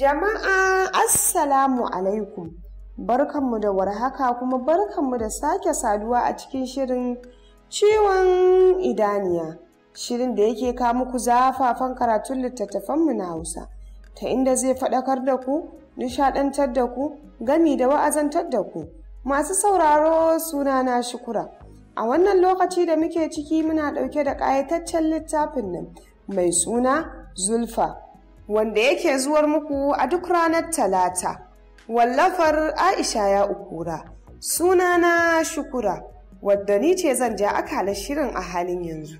Jama'a Assalamu alaikum barkanmu da warhaka kuma barkanmu da sake saduwa a cikin shirin ciwon idaniya shirin da yake kawo muku zafafan karatun littattafanmu na Hausa ta inda zai faɗakar da ku nishaɗantar da ku gami da wa'azantar da ku masu sauraro suna na shukura a wannan lokaci da muke ciki muna ɗauke da ƙayataccen littafin nan mai suna zulfa wanda yake zuwar muku a duk ranar talata wallafar aisha ya ukura sunana shukura wadda ni ce zan ja akalar shirin a halin yanzu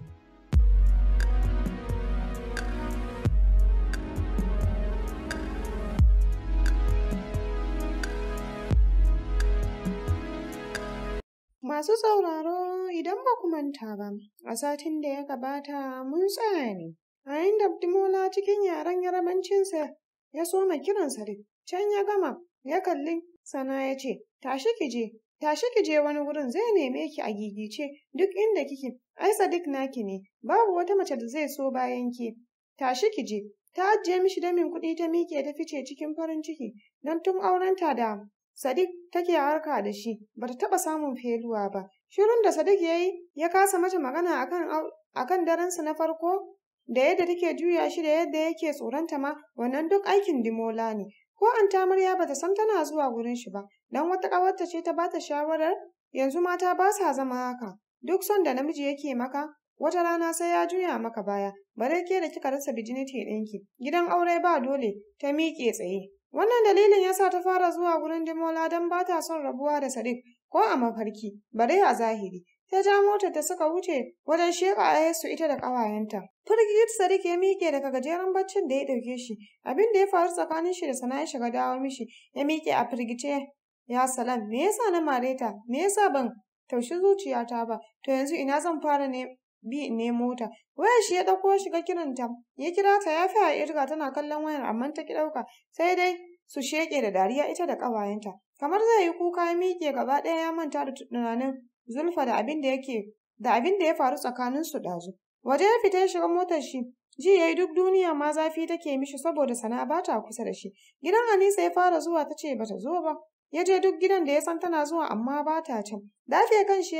Masu sauraro idan ba ku manta ba, a satin da ya gabata mun tsaya ne Yayin da Abdimola cikin yaren yarabancinsa ya soma kiran da can ya gama ya kalli sana ya ce, Tashi ki je, tashi ki wani wurin zai neme ki a gigice duk inda kike, ai sadik naki ne, babu wata mace da zai so bayan ki. Tashi ki ta ajiye mishi damin kuɗi ta miƙe ta fice cikin farin ciki don tun aurenta da Sadiq take harka da shi ba ta taɓa samun feluwa ba. Shirin da sadik ya yi ya kasa mata magana akan akan darensa na farko da yadda take juya shi da yadda yake tsoronta ma wannan duk aikin dimola ne ko an ta murya ta san tana zuwa gurin shi ba dan wata ƙawarta ce ta bata shawarar yanzu mata ba sa zama haka duk son da namiji yake maka wata rana sai ya juya maka baya bare ke da kika rasa bijiniti ɗinki gidan aure ba dole ta miƙe tsaye wannan dalilin yasa ta fara zuwa gurin dimola don ba ta son rabuwa da sadiq ko a mafarki bare a zahiri ta ja motar ta suka wuce wajen sheka a ita da ƙawayenta Firgit Sadiq ya miƙe daga gajeren baccin da ya ɗauke shi, abin da ya faru tsakanin shi da sana'a shiga dawo mishi, ya miƙe a firgice. Ya salam, me yasa na mareta? Me yasa ban taushi zuciyata ba? To yanzu ina zan fara ne bi ne mota. Wayar shi ya ɗauko shiga kiranta, ya kira ta ya fi a irga tana kallon wayar amma ta ki ɗauka, sai dai su sheke da dariya ita da ƙawayenta. Kamar zai yi kuka ya miƙe gaba ɗaya ya manta da tunanin Zulfa da abin da yake da abin da ya faru tsakanin su ɗazu. Waje ya fita ya shiga motar shi. Ji ya yi duk duniya ma zafi take mishi saboda sana'a ba ta kusa da shi. Gidan hanisa ya fara zuwa ta ce ba ta zo ba. Ya je duk gidan da ya san tana zuwa amma ba ta can. Dafe kan shi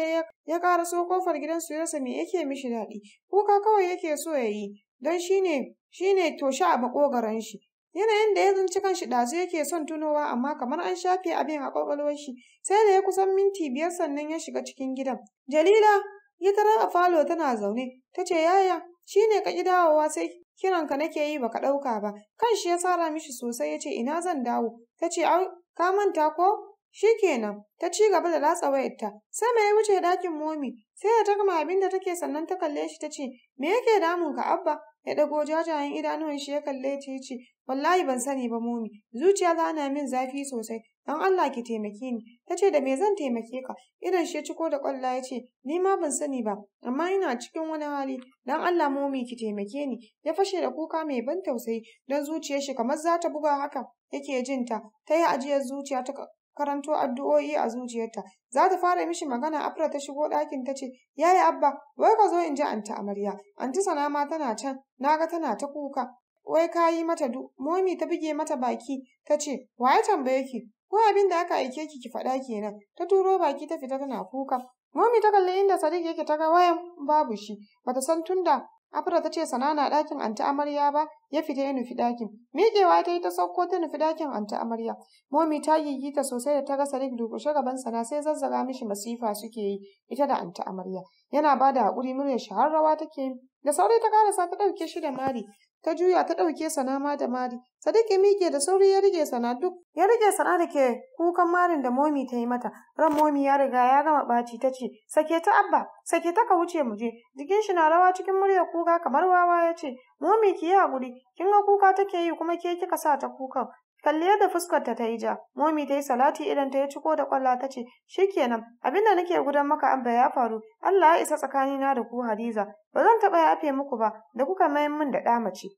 ya ƙara so kofar gidan su rasa me yake mishi daɗi. Kuka kawai yake so ya yi don shi ne shi ne toshe a makogaran shi. Yanayin da ya zanci kanshi ɗazu yake son tunowa amma kamar an shafe abin a ƙwaƙwalwar shi sai da ya kusan minti biyar sannan ya shiga cikin gidan. Jalila Ya tarar a falo tana zaune, ta ce yaya, shi ne ka ƙi dawowa sai kiranka nake yi baka ɗauka ba. Kan shi ya tsara mishi sosai ya ce ina zan dawo. Ta ce ka manta ko? Shi kenan, ta ci gaba da latsa wayarta. sama ya wuce ɗakin momi, sai da ta gama abin da take sannan ta kalle shi ta ce me yake damun ka abba? ya ɗago jajayen idanuwan shi ya kalle ta ce wallahi ban sani ba momi zuciya ta na min zafi sosai don Allah ki taimake ni ta ce da me zan taimake ka idan shi ya ciko da kwalla ya ce ni ma ban sani ba amma ina cikin wani hali don Allah momi ki taimake ni ya fashe da kuka mai ban tausayi don zuciyar shi kamar za ta buga haka yake jinta ta yi ajiyar zuciya ta karanto addu'o'i a zuciyarta za ta fara mishi magana afra ta shigo ɗakin ta ce yaya abba wai ka zo in ji anta amarya anti sana ma tana can na ga tana ta kuka wai ka yi mata du momi ta buge mata baki ta ce waye tambaye ki Ko abin da aka aike ki ki faɗa kenan. Ta turo baki ta fita tana kuka. Momi ta kalli inda Sadiq yake ta ga wayan babu shi. Bata san tunda Afra ta ce sana na ɗakin anta amarya ba ya fita ya nufi ɗakin. Miƙewa ta yi ta sauko ta nufi ɗakin anta amarya. Momi ta gigita sosai da ta ga Sadiq durƙushe gaban sana sai zazzaga mishi masifa suke yi ita da anta amarya. Yana bada da haƙuri muryar shaharrawa take yi. Da sauri ta karasa ta ɗauke shi da mari. ta juya ta ɗauke sana ma da mari. Sadiq mike da sauri ya rige sana duk. Ya rige sana da ke kukan marin da momi ta yi mata. Ran momi ya riga ya gama ɓaci ta ce, sake ta abba, sake ta ka wuce mu je. Jikin shi na rawa cikin muryar kuka kamar wawa ya ce, momi ki yi haƙuri, kin ga kuka take yi kuma ke kika sa ta kukan. Kalliyar da fuskarta ta yi ja, momi ta yi salati idan ta ya ciko da kwalla ta ce, shikenan, abinda nake gudan maka abba ya faru, Allah ya isa tsakanina da ku Hadiza, ba zan taɓa yafe muku ba, da kuka mayan min da ɗa mace.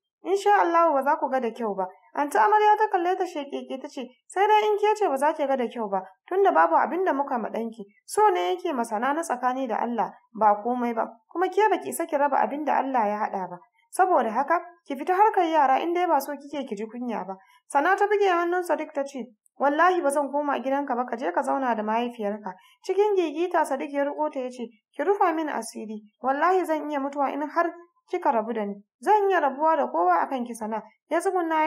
sha Allahu ba za ku ga da kyau ba. Anti Amarya ta kalle ta ke ta ce, sai dai in ke ce ba za ki ga da kyau ba, tunda babu abin da muka maɗanki. So ne yake masana na tsakani da Allah ba komai ba, kuma ke baki isa ki raba abin da Allah ya haɗa ba. saboda haka ki fita harkar yara in dai ba so kike ki ji kunya ba sana ta buge hannun Sadiq ta ce wallahi ba zan koma gidanka ba ka je ka zauna da mahaifiyarka cikin gigita Sadiq ya riko ta yace ki rufa min asiri wallahi zan iya mutuwa in har kika rabu da ni zan iya rabuwa da kowa akan ki sana ya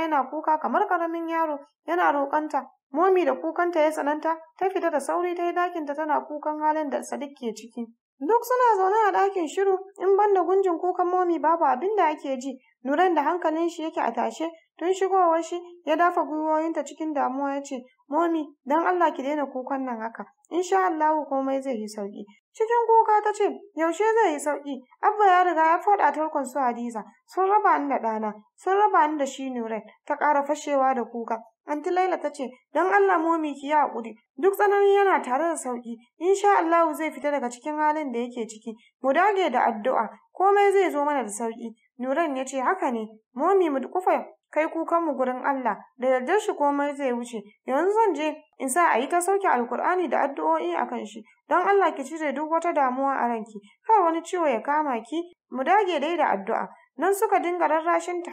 yana kuka kamar karamin yaro yana roƙanta momi da kukanta ya tsananta ta fita da sauri ta yi dakinta tana kukan halin da Sadiq ke ciki Duk suna zaune a ɗakin shiru, in ban da gunjin kukan momi babu abin da ake ji, Nuran da hankalin shi yake a tashe, Tun shigowar shi ya dafa gwiwoyinta cikin damuwa ya ce, Momi, don Allah ki daina kukan nan haka, in sha Allahu komai zai yi sauƙi. Cikin kuka ta ce, yaushe zai yi sauƙi, Abba ya riga ya faɗa tarkon su Hadiza, sun raba ni da ɗana, sun raba ni da shi Nurai, ta ƙara fashewa da kuka. Anti Laila ta ce, don Allah momi ki yi haƙuri, duk tsananin yana tare da sauƙi, sha Allahu zai fita daga cikin halin da yake ciki, mu dage da addu'a, komai zai zo mana da sauƙi. Nuran ya ce, haka ne, momi mu kufa kai mu gurin Allah da yardar shi komai zai wuce yanzu zan je in sa a yi ta sauke alkur'ani da addu'o'i a kan shi don Allah ki cire duk wata damuwa a ranki kar wani ciwo ya kama ki mu dage dai da addu'a nan suka dinga ta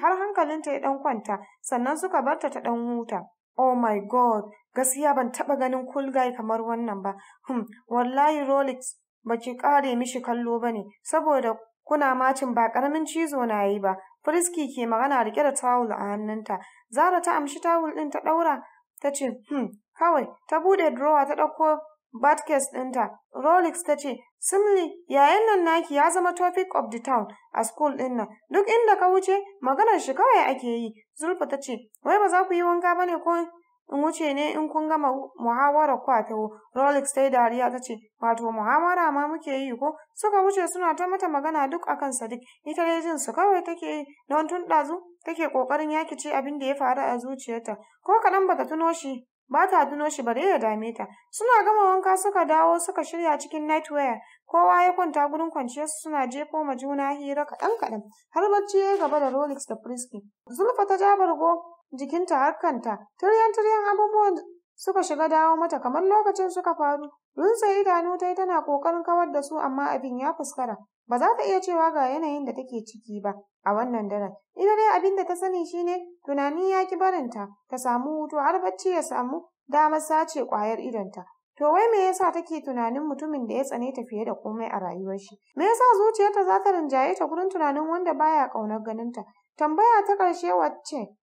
har hankalinta ya dan kwanta sannan suka barta ta dan huta Oh my God, gaskiya ban taɓa ganin cool guy kamar wannan ba. Hmm, wallahi Rolex baki kare mishi kallo ba ne, saboda kuna macin ba karamin cizo na yi ba. firiski ke magana rike da tawul a hannunta. Zara ta amshi tawul ɗin ta ɗaura ta ce, hmm, kawai ta buɗe drawer ta ɗauko Batkes ɗinta. Rolex ta ce, Simli, yayan nan naki ya zama topic of the town a school ɗin nan. Duk inda ka wuce, maganar shi kawai ake yi. Zulfa ta ce, wai ba za ku yi wanka ba ne ko in wuce ne in kun gama muhawarar ku a taho rolex ta dariya ta ce wato muhawara ma muke yi ko suka wuce suna ta mata magana duk akan sadiq ita dai jin su kawai take yi don tun ɗazu take ƙoƙarin ce abin da ya faru a zuciyarta ko kaɗan bata tuno shi ba ta tuno shi bare ya dame ta suna gama wanka suka dawo suka shirya cikin nightwear kowa ya kwanta gurin kwanciyar su suna jefo ma juna hira kaɗan kaɗan har bacci ya gaba da rolex da frisky zulfa ta ja bargo jikinta har kanta, turyan-turyan abubuwan suka shiga dawo mata kamar lokacin suka faru. Runtse idanu ta tana ƙoƙarin kawar da su amma abin ya fuskara. Ba za ta iya cewa ga yanayin da take ciki ba a wannan daren. Ita dai abin da ta sani shine tunani ya ki barinta, ta samu hutu har bacci ya samu damar sace ƙwayar idonta. To wai me yasa take tunanin mutumin da ya tsane ta fiye da komai a rayuwar shi? Me yasa zuciyarta za ta rinjaye ta gurin tunanin wanda baya ƙaunar ganinta? Tambaya ta ƙarshe wacce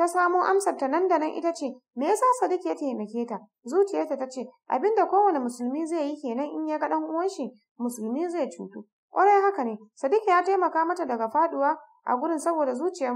Ta samo amsar ta nan da nan ita ce, me yasa Sadiq ya taimake ta? Zuciyarta ta ce, abinda kowane musulmi zai yi kenan in ya ga ɗan uwan shi, musulmi zai cutu. Kwarai haka ne, Sadiq ya taimaka mata daga faduwa a gurin saboda zuciyar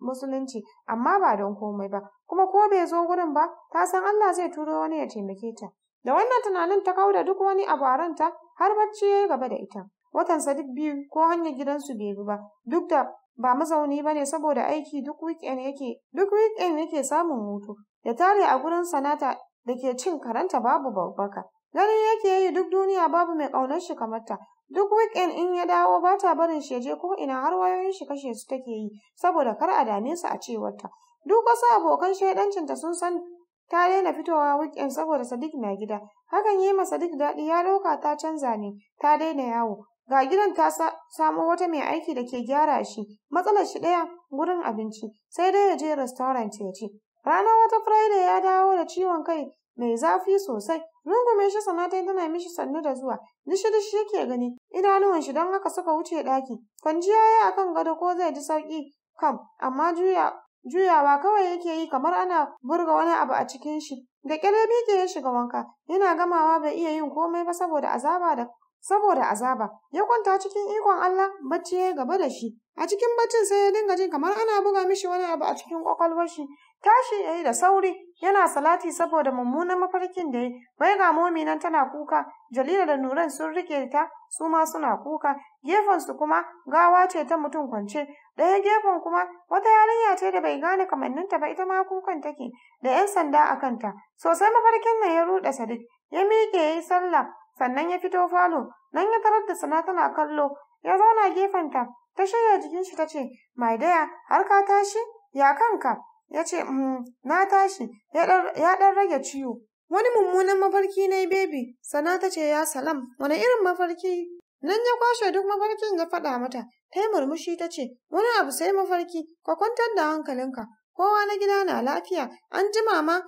musulunci, amma ba don komai ba. Kuma ko bai zo gurin ba, ta san Allah zai turo wani ya taimake ta. Da wannan tunanin ta kauda duk wani abu a ranta har bacci ya yi gaba da ita. Watan Sadiq biyu ko hanyar gidansu bai bi ba, duk da ba mazauni ba ne saboda aiki duk weekend yake duk weekend yake samun hutu da tare a gurin sanata da ke cin karanta babu babbaka ganin yake yi duk duniya babu mai ƙaunar shi kamar ta duk weekend in ya dawo ba ta barin shi je ko ina har wayoyin shi kashe su take yi saboda kar a dame su a cewar ta duk wasu abokan shaidancin sun san ta daina fitowa weekend saboda Sadiq na gida hakan yi ma Sadiq daɗi ya ɗauka ta canza ne ta daina yawo Ga gidan ta samo wata mai aiki da ke gyara shi, matsalar shi ɗaya gurin abinci, sai dai ya je restaurant ya ci. Ranar wata Friday ya dawo da ciwon kai mai zafi sosai, rungume shi sanata tana mishi sannu da zuwa, dishi-dishi yake gani, idanuwan shi don haka suka wuce ɗaki. Kwanciya ya akan gado ko zai ji sauƙi kam, amma juya juyawa kawai yake yi kamar ana burga wani abu a cikin shi. Da ƙyar ke ya shiga wanka, yana gamawa bai iya yin komai ba saboda azaba da saboda azaba ya kwanta cikin ikon Allah bacci ya gaba da shi a cikin baccin sai ya dinga jin kamar ana buga mishi wani abu a cikin kwakwalwar shi tashi yayi da sauri yana salati saboda mummunan mafarkin da yayi bai ga mominan tana kuka Jalila da Nuran sun rike ta su ma suna kuka gefen su kuma gawa ce ta mutum kwance ɗaya gefen kuma wata yarinya ce da bai gane kamanninta ba ita ma kukan take da 'yan sanda a kanta sosai mafarkin nan ya ruɗe Sadiq ya miƙe yayi sallah sannan ya fito falo nan ya tarar da sana tana kallo ya zauna gefenta ta shirya jikin shi ta ce mai daya har ka tashi ya kanka ya ce mm, na tashi ya dan rage ciwo wani mummunan mafarki na bebi sana ta ce ya salam wani irin mafarki nan ya kwashe duk mafarkin ya faɗa mata ta yi murmushi ta ce wani abu sai mafarki ka kwantar da hankalinka kowa na gida na lafiya an jima ma.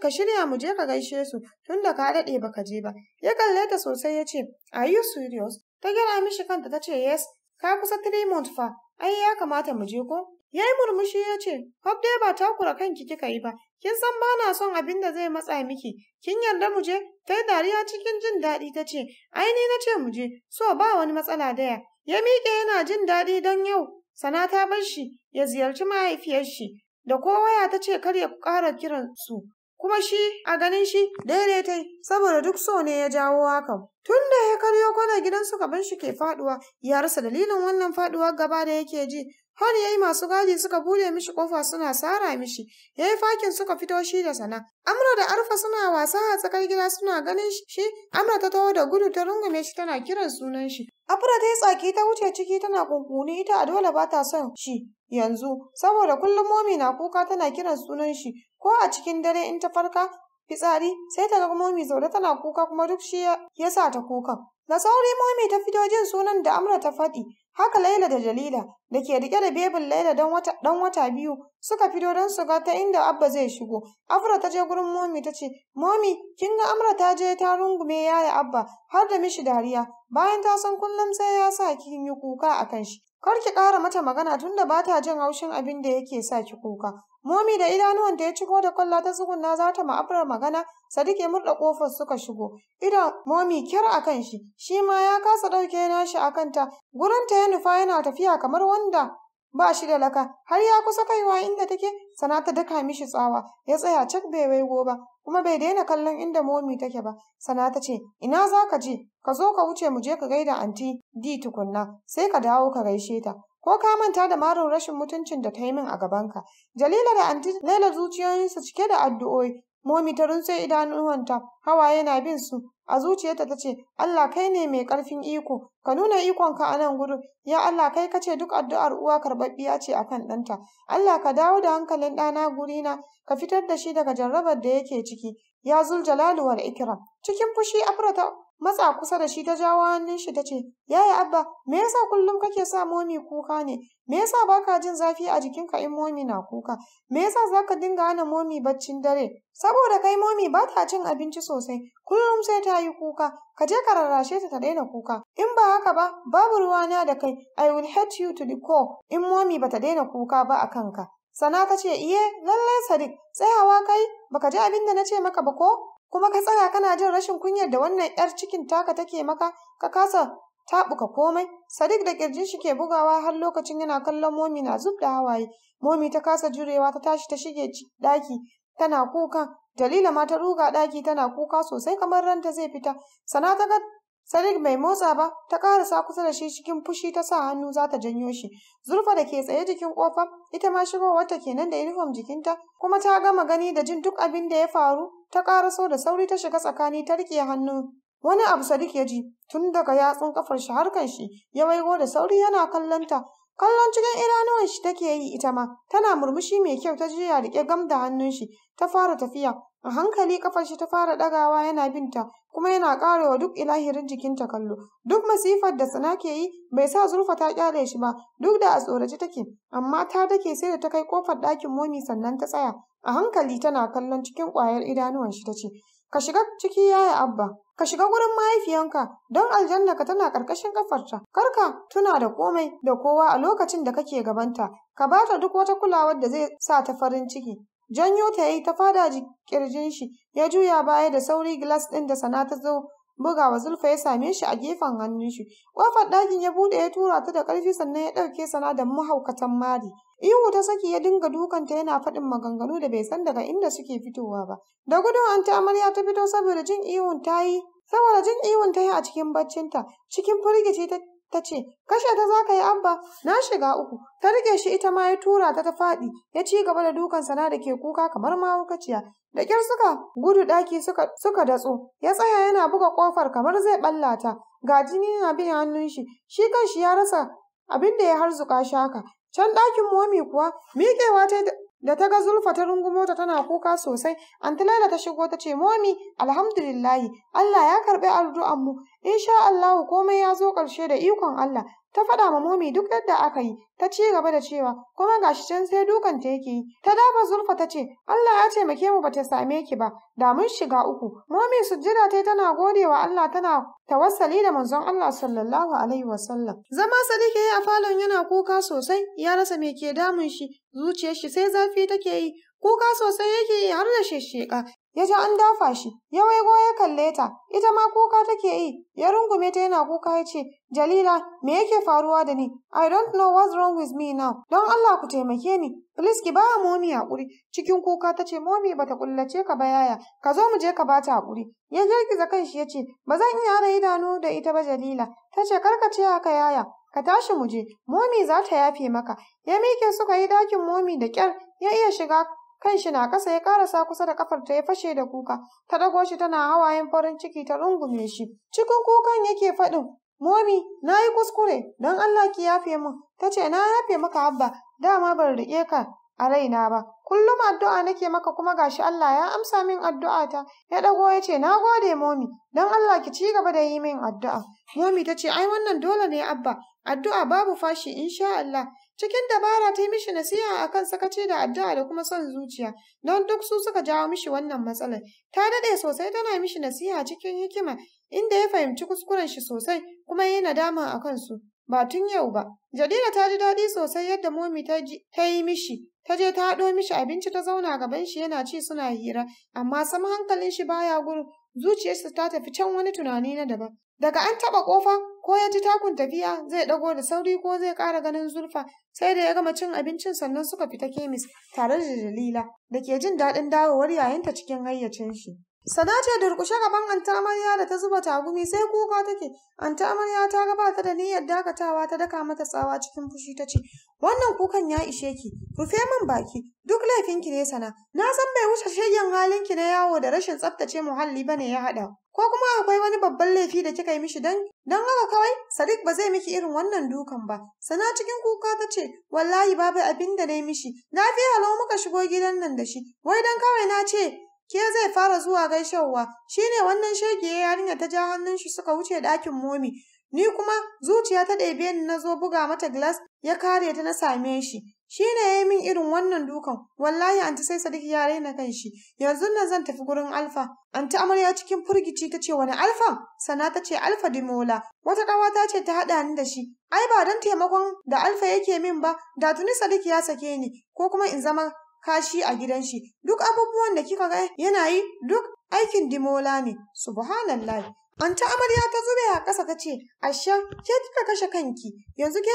ka shirya mu je ka gaishe su tunda ka daɗe ka je ba ya kalle ta sosai ya ce are you serious ta gyara mishi kanta ta ce yes ka kusa three months fa ai ya kamata mu je ko ya yi murmushi ya ce hope dai ba takura kanki kika yi ba kin san ba na son abin da zai matsa miki kin yarda mu je ta yi dariya cikin jin daɗi ta ce ai ni na ce mu je so ba wani matsala daya ya miƙe yana jin daɗi don yau sana ta bar shi ya ziyarci mahaifiyar shi da ko waya ta ce kar ya ƙara kiran su kuma shi a ganin shi daidaitai saboda duk so ne ya jawo hakan tun da ya karyo kwana gidansu su gaban shi ke faduwa ya rasa dalilin wannan faduwar gaba da yake ji Har ya yi masu gadi suka bude mishi kofa suna sara mishi, ya yi fakin suka fito shi da sana. Amra da Arfa suna wasa a tsakar gida suna ganin shi, Amra ta taho da gudu ta rungume shi tana kiran sunan shi. Afra ta yi tsaki ta wuce ciki tana kunkuni ita a dole ba ta son shi yanzu, saboda kullum momi na kuka tana kiran sunan shi, ko a cikin dare in ta farka fitsari sai ta ga momi zaune tana kuka kuma duk shi ya sa ta kuka. Da sauri momi ta fito jin sunan da Amra ta faɗi, Haka Laila da Jalila da ke rike da bebin Laila don wata dan wata biyu suka fito don su ga ta inda Abba zai shigo. Afra ta je gurin Momi ta ce, "Momi, kin ga Amra ta je ta rungume yaya Abba har da mishi dariya, bayan ta san kullum sai ya sa kin yi kuka akan shi." Kar ki ƙara mata magana tunda ba ta jin haushin abin da yake sa ki kuka. Momi da idanuwanta ya ciko da kwalla ta tsugunna za ta ma'afar magana, Sadiq ya murɗa ƙofar suka shigo. Idan Momi kyar a kan shi, shi ma ya kasa ɗauke nashi a kanta. Gurinta ya nufa yana tafiya kamar wanda ba shi da laka har ya kusa kaiwa inda take sana ta daka mishi tsawa ya tsaya cak bai waigo ba kuma bai daina kallon inda momi take ba sana ta ce ina za ka je ka zo ka wuce mu je ka gaida anti di tukunna sai ka dawo ka gaishe ta ko ka manta da marar rashin mutuncin da ta yi min a gabanka jalila da anti laila zuciyoyinsu cike da addu'o'i momi ta runtse idanuwanta hawaye na bin su a zuciyarta ta ce, Allah kai ne mai ƙarfin iko, ka nuna ikonka a nan gudu. ya Allah kai ka ce duk addu'ar uwa karɓaɓɓiya ce a kan ɗanta, Allah ka dawo da hankalin ɗana gurina, ka fitar da shi daga jarrabar da yake ciki, ya zul jalalu wal ikram. Cikin fushi Afra ta matsa kusa da shi ta jawo hannun shi ta ce, Yaya Abba, me yasa kullum kake sa momi kuka ne? Me yasa baka jin zafi a jikinka in momi na kuka? Me yasa za ka dinga hana momi baccin dare? Saboda kai momi ba ta cin abinci sosai, kullum sai ta yi kuka, ka je ka rarrashe ta ta daina kuka. In ba haka ba, babu na da kai, I will hate you to the core in momi ba ta daina kuka ba a kanka. Sana ta ce, Iye, lallai Sadiq, tsayawa kai, baka ji abin da na ce maka ba ko? kuma ka tsaya kana jin rashin kunyar da wannan 'yar cikin taka take maka ka kasa taɓuka komai sadiq da kirjin shi ke bugawa har lokacin yana kallon momi na zub da hawaye momi ta kasa jurewa ta tashi ta shige ɗaki tana kuka dalila ma ta ruga ɗaki tana kuka sosai kamar ranta zai fita. Sana ta ga Sadiq bai motsa ba, ta karasa kusa da shi cikin fushi ta sa hannu za ta janyo shi. Zurfa da ke tsaye jikin ƙofa, ita ma shigowarta nan da uniform jikinta, kuma ta gama gani da jin duk abin da ya faru, ta ƙaraso da sauri ta shiga tsakani ta riƙe hannu. Wani abu Sadiq ya ji, tun daga yatsun kafar shi harkar shi, ya waigo da sauri yana kallon ta. Kallon cikin idanuwan shi take yi ita ma, tana murmushi mai kyau ta juya riƙe gam da hannun shi, ta fara tafiya. A hankali kafar shi ta fara ɗagawa yana binta, kuma yana ƙarewa duk ilahirin jikinta kallo. Duk masifar da sana ke yi bai sa zurfa ta ƙyale shi ba, duk da a tsoraci take, amma ta dake sai da ta kai ƙofar ɗakin momi sannan ta tsaya. A hankali tana kallon cikin ƙwayar idanuwan shi ta ce, Ka shiga ciki yaya Abba, ka shiga gurin mahaifiyanka don aljannaka tana ƙarƙashin ƙafarta. Karka tuna da komai da kowa a lokacin da kake gabanta, ka ba ta duk wata kulawar da zai sa ta farin ciki. Janyo ta yi ta fada kirjin shi, ya juya baya da sauri gilas din da sana ta zo bugawa zulfa ya same shi a gefen hannun shi. Ƙofar ɗakin ya bude ya tura ta da karfi sannan ya ɗauke sana da mahaukatan mari. Ihu ta saki ya dinga dukanta yana faɗin maganganu da bai san daga inda suke fitowa ba. Da gudun an ta amarya ta fito saboda jin ihun ta yi saboda jin ihun ta yi a cikin baccinta cikin firgici ta ta ce, Kashe ta za ka yi abba, na shiga uku, ta riƙe shi ita ma ya tura ta ta faɗi, ya ci gaba da dukan sana da ke kuka kamar mahaukaciya. Da ƙyar suka gudu ɗaki suka, suka datso, ya tsaya yana buga ƙofar kamar zai ɓallata, ga jini yana bin hannun shi, shi kan shi ya rasa abin da ya harzuka shaka. Can ɗakin momi kuwa, miƙewa ta Da ta ga Zulfa ta rungumo ta tana kuka sosai, Antilaila ta shigo ta ce, Momi, alhamdulillahi, Allah ya karɓi addu'an mu, insha Allahu komai ya zo ƙarshe da ikon Allah, ta faɗa ma momi duk yadda aka yi ta ci gaba da cewa kuma gashi can sai dukan ta yake yi ta dafa zulfa ta ce Allah ya taimake mu bata same ki ba da mun shiga uku momi sujjada ta tana godewa Allah tana tawassali da manzon Allah sallallahu alaihi wa sallam. zama sadiki a falon yana kuka sosai ya rasa me ke damun shi zuciyar shi sai zafi take yi kuka sosai yake yi har da shesheka ya ji an dafa shi, ya waigo ya kalle ta, ita ma kuka take yi, ya rungume ta yana kuka ya ce, Jalila, me yake faruwa da ni? I don't know what's wrong with me now. Don Allah ku taimake ni, please ki ba momi haƙuri. Cikin kuka ta ce, momi bata kullace ka ba yaya, ka zo mu je ka bata haƙuri. Ya girgiza kanshi ya ce, ba zan iya hada idanu da ita ba Jalila. Ta ce, ka ce haka yaya, ka tashi mu je, momi za ta yafe maka. Ya mike suka yi dakin momi da kyar. ya iya shiga Kanshi na kasa ya ƙarasa kusa da kafar ta ya fashe da kuka ta ɗago shi tana hawayen farin ciki ta rungume shi cikin kukan yake faɗin momi na yi kuskure don allah ki yafe min ta ce na yafe maka abba dama ban riƙe ka a raina ba kullum addu'a nake maka kuma gashi Allah ya amsa min addu'a ta. ya dago ya ce na gode momi don Allah ki ci gaba da yi min addu'a momi ta ce ai wannan dole ne abba addu'a babu fashi insha Allah Cikin dabara ta yi mishi nasiha a kan sakaci da addu'a da kuma son zuciya, don duk su suka jawo mishi wannan matsalar. Ta daɗe sosai tana mishi nasiha cikin hikima, inda ya fahimci kuskuren shi sosai kuma ya yi nadama a kansu. Ba tun yau ba, Jadira ta ji daɗi sosai yadda Momi ta yi mishi, ta je ta haɗo mishi abinci ta zauna gaban shi yana ci suna hira, amma sam hankalin shi baya gudu, zuciyarsa ta tafi can wani tunani na daban. Daga an taɓa ƙofa, ko ya ji takun tafiya zai ɗago da sauri ko zai ƙara ganin zurfa sai da ya gama cin abincin sannan suka fita kemis tare da dalila da ke jin daɗin dawowar yayinta cikin hayyacin shi Sana ce durƙushe gaban Anta amarya da ta zuba tagumi sai kuka take. Anta amarya ta gabata da niyyar dakatawa ta daka mata tsawa cikin fushi ta ce, Wannan kukan ya ishe ki, rufe min baki, duk laifinki ne sana. Na san bai wuce shayyan halinki na yawo da rashin tsaftace muhalli ba ne ya haɗa. Ko kuma akwai wani babban laifi da kika yi mishi dan dan haka kawai Sadiq ba zai miki irin wannan dukan ba. Sana cikin kuka ta ce, Wallahi babu abin da na yi mishi, fi lau muka shigo gidan nan da shi, wai dan kawai na ce Ke zai fara zuwa gaishewa, shi ne wannan shege yarinya ta ja hannun shi suka wuce ɗakin momi. Ni kuma zuciya ta ɗebe ni na zo buga mata glass ya kare ta na same shi. Shi ne ya yi min irin wannan dukan, wallahi anti sai Sadiq ya raina kan shi, yanzu nan zan tafi gurin Alfa. Anti amarya cikin furgici ta ce wani Alfa? Sana ta ce Alfa Dimola, wata ta ce ta haɗa ni da shi. Ai ba don taimakon da Alfa yake min ba, da tuni Sadiq ya sake ni, ko kuma in zama kashi a gidan shi duk abubuwan da kika ga yana yi duk aikin dimola ne subhanallah anta amarya ta zube a ƙasa ta ce ashe ke kika kashe kanki yanzu ke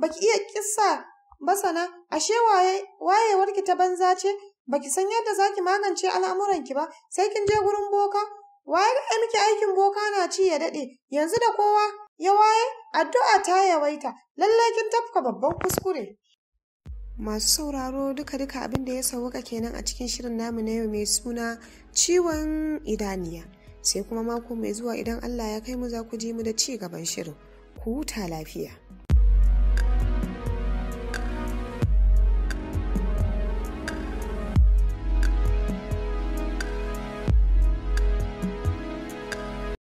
baki iya kissa basana ashe wayewar ki ta banza ce baki san yadda zaki magance al'amuran ki ba sai kin je gurin boka waye ga miki aikin boka na ci ya dade yanzu da kowa ya waye addu'a ta yawaita lallai kin tafka babban kuskure masu sauraro duka-duka abin da ya sauka kenan a cikin shirin namu na yau mai suna ciwon idaniya sai kuma mako mai zuwa idan allah ya kai mu za ku ji mu da ci gaban shirin ku huta lafiya